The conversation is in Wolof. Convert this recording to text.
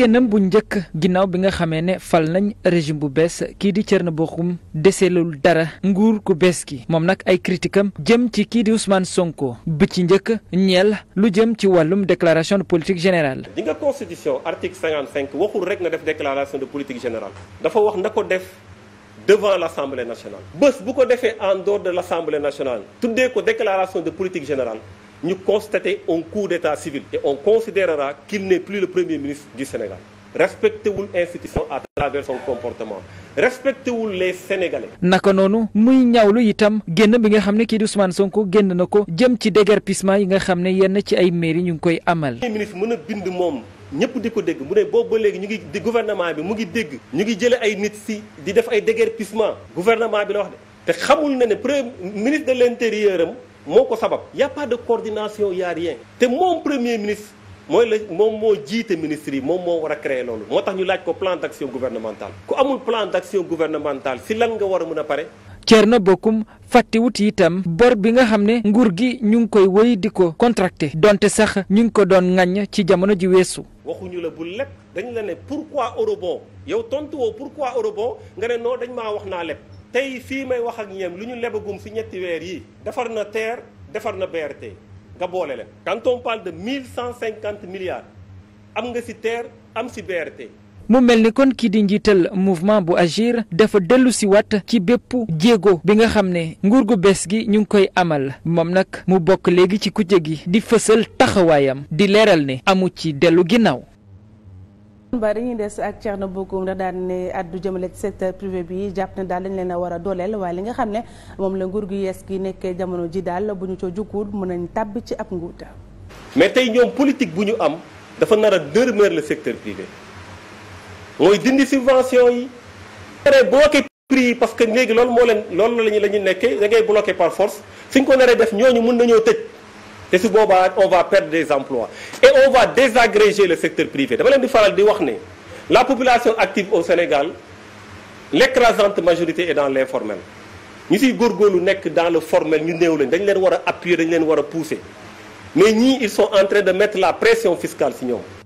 génnam bu njëkk ginnaaw bi nga xamee ne fal nañ régime bu bees kii di na Thierno Bocoum deselul dara nguur ku bees gi moom nag ay critiquam jëm ci kii di Ousmane Sonko bi ci njëkk ñeel lu jëm ci wàllum déclaration de politique générale. di nga constitution article 55 waxul rek na def déclaration de politique général dafa wax na ko def. devant l'Assemblée nationale bés bu ko defee en dehors de l'Assemblée nationale tuddee ko déclaration de politique générale ñu constater un coup d'état civil et on considérera qu'il n'est plus le premier ministre du Sénégal respectewul institution à travers son comportement respectewul les sénégalais. naka noonu muy ñaawlu itam génn bi nga xam ne kii di Ousmane Sonko génn na ko jëm ci déguerpissement yi nga xam ne yenn ci ay mairie ñu ngi koy amal. premier ministre mën a bind moom ñëpp di ko dégg mu ne boobu ba léegi ñu ngi di gouvernement bi mu ngi dégg. ñu ngi jële ay nit si di def ay déguerpissement gouvernement bi la te xamul na ne premier ministre de l'intérieur am. moo ko sabab y' a pas de coordination y' a rien te moom premier ministre mooy la moom moo jiite ministre yi moom moo war a créer loolu moo tax ñu laaj ko plan d' gouvernementale ku amul plan d' action gouvernementale si lan nga war a mën a pare Thierno Bocoum fàttewut itam bor bi nga xam ne nguur gi ñu ngi koy wéy di ko contracté donte sax ñu ngi ko doon ŋaññ ci jamono ji weesu waxuñu la bu leb dañ la ne pourquoi eurobond yow tontu woo pourquoi eurobond nga ne non dañ maa wax naa leb tey fii may wax ak ñeem lu ñu lebagum si ñetti weer yi defar na TER defar na BRT nga boole leen. quand de mille cent cinquante milliards am nga si TER am si BRT. mu mel ni kon kii di njiital mouvement bu agir dafa dellu si wat ci bépp jéego bi nga xam ne nguur gu bees gi ñu ngi koy amal moom nag mu bokk léegi ci kujje gi di fësal taxawaayam di leeral ne amul ci dellu ginnaaw. ba dañuy des ak Thierno Bocoum ndax daan ne addu jëmale ci secteur privé bi jàpp ne daal dañ leen a war a dooleel waaye li nga xam ne moom la nguur gi yees gi nekkee jamono ji daal bu ñu co jukkuul mën nañ tàbb ci ab nguuta mais tey ñoom politique bu ñu am dafa nar a dërmeer la secteur privé mooy dindi subvention yi naree bloqué prix yi parce que léegi loolu moo leen loolu la ñu la ñu nekkee da ngay bloqué par force suñ ko naree def ñu mun nañoo tëj te su boobaa on va perdre des emplois et on va désagréger le secteur privé dama leen di faral di wax ne la population active au Sénégal l'écrasante majorité est dans l'informel ñu siy góorgóorlu nekk dans le formel ñu néew lañ dañ leen war a appuyer dañ leen war a pousser mais ñii ils sont en train de mettre la pression fiscale si ñoom